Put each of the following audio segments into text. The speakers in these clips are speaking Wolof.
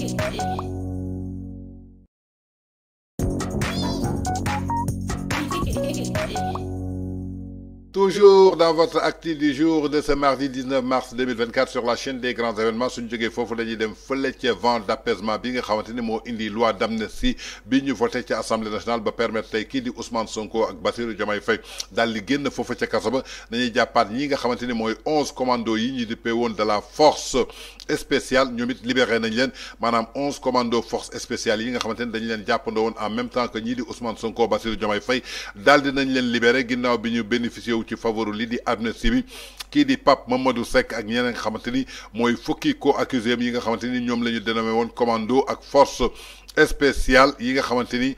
Thank you. toujours dans votre actif du jour de ce mardi 19 mars 2024 sur la chaîne des grands événements suñ jógee que la dem vent d'apaisement bi nga xamante ni indi loi d'amnistie bi ñu voté ci assemblée nationale ba permettre à kii di Ousmane Sonko ak Bassirou Diomaye Faye daal di génn foofu ca kaso ba dañuy jàppaat ñi nga ni commandos yi ñu de la force spéciale Nous avons libéré nañ leen commandos de commandos force spéciale yi nga xamante ni leen en même temps que ñii di Ousmane Sonko Bassirou Diomaye Faye daal di nañ leen libéré bénéficié qui ci favoru lii di amnistie bi kii di Pape Mamadou Seck ak ñeneen nga xamante fukki ko accusé yi nga xamante ni ñoom la dénommé commando ak force spéciale yi nga xamante ni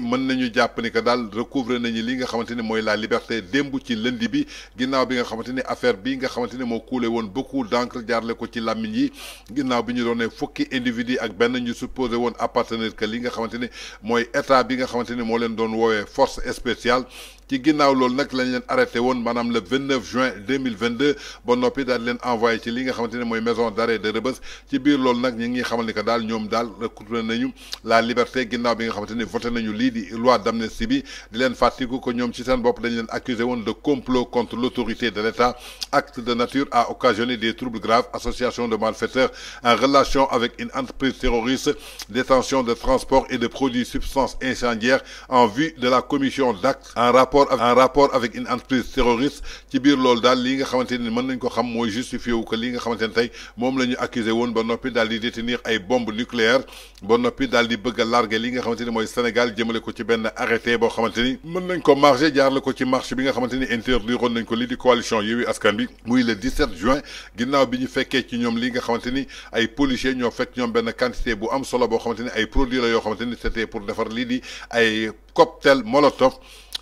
mën nañu japp ni que dal recouvrer nañu li nga xamanteni moy la liberté démb ci lëndi bi ginnaw bi nga xamanteni affaire bi nga xamanteni mo moo won beaucoup d'encre jaarle ko ci lamine yi ginnaw bi ñu doonee fukki individu ak ben ñu supposé won appartenir que li nga xamanteni moy état bi nga xamanteni mo leen doon wowe force spéciale ci ginnaaw loolu nag lañ leen arrêté woon maanaam le 29 juin 2022 ba noppi daal leen envoyé ci li nga xamante ne mooy maison d'arrêt de Rebeuss ci biir loolu nag ñi ngi xamal ni que daal ñoom daal recouvré nañu la liberté ginnaaw bi nga xamante ni voté nañu lii di loi d'amnistie bi di leen fàttiku ko ñoom ci seen bopp dañ leen accusé woon de complot contre l'autorité de l'État acte de nature à occasionner des troubles graves association de malfaiteurs en relation avec une entreprise terroriste détention de transport et de produits substances incendiaires en vue de la commission d'actes en rapport rapport en rapport avec une entreprise terroriste ci biir loolu dal li nga xamanteni ni mën nañ ko xam moy justifié wu que li nga xamanteni tay mom lañu accuser won ba nopi dal di détenir ay bombes nucléaires ba nopi dal di bëgg larguer li nga xamanteni moy Sénégal jëmele ko ci benn arrêté bo xamanteni ni mën nañ ko marché jaarale ko ci marché bi nga xamanteni ni interdiroon nañ ko li di coalition yewi Askan bi muy le 17 juin ginnaw bi ñu fekkee ci ñom li nga xamanteni ay policiers ñoo fekk ñom benn quantité bu am solo bo xamanteni ay produits la yo xamanteni c'était pour defar li di ay cocktail molotov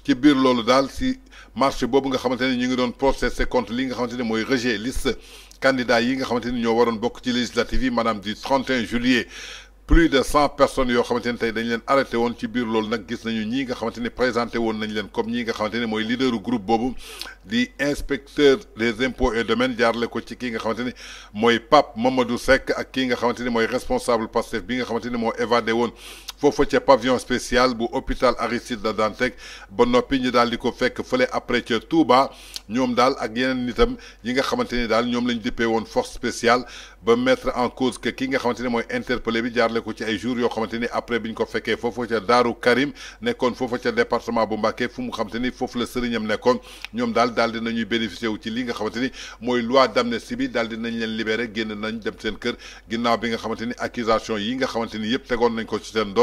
ci biir loolu daal si marché boobu nga xamante ne ñu ngi doon processé contre li nga xamante ne mooy rejet liste candidat yi nga xamante ni ñoo waroon bokk ci législative yi maanaam du 31 juillet plus de cent personnes yoo xamante ne tey dañ leen arrêté woon ci biir loolu nag gis nañu ñii nga xamante ne présenté woon nañ leen comme ñii nga xamante ne mooy leaderu groupe boobu di inspecteur des impôts et domaines jaarale ko ci kii nga xamante ne mooy Pape Mamadou Seck ak kii nga xamante ne mooy responsable Pastef bi nga xamante ne moo évadé woon foofa ci pavillon spécial bu hôpital Aristide Le Dantec ba nopi ñu dal di ko fekk fële après ci Touba ñom dal ak yeneen nitam yi nga xamanteni dal ñom lañu lañ won force spéciale ba mettre en cause que ki nga xamanteni moy mooy interpellé bi jaarale ko ci ay jours yo xamanteni après bi ko fekké foofa ci Daaru Karim nekkoon foofa ci département bu Mbacké fu mu xamanteni ni foofu la sëriñam nekkoon ñoom dal daal dinañuy bénéficier ci li nga xamanteni moy loi d'amnistie bi daal dinañ leen libéré genn nañ dem seen kër ginnaw bi nga xamanteni accusation yi nga xamanteni yépp tégon nañ ko ci seen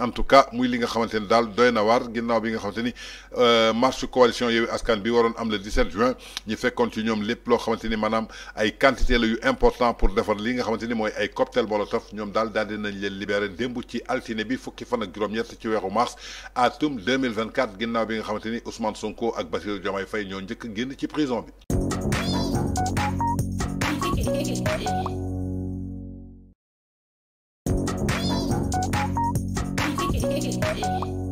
en tout cas muy li nga xamanteni dal doyna war ginnaw bi nga xamanteni euh marche coalition Yewwi Askan bi waroon am le 17 juin ñi fekkon ci ñom lepp lo xamanteni manam ay quantité la yu important pour defar li nga xamanteni moy ay cocktail Molotov ñom dal dal dinañ le libéré dembu ci altiné bi fukki fan ak juróom-ñett ci weeru mars atum 2024 ginnaw bi nga xamanteni Ousmane Sonko ak Bassirou Diomaye Faye ñoo njëkk genn ci prison bi. Bye.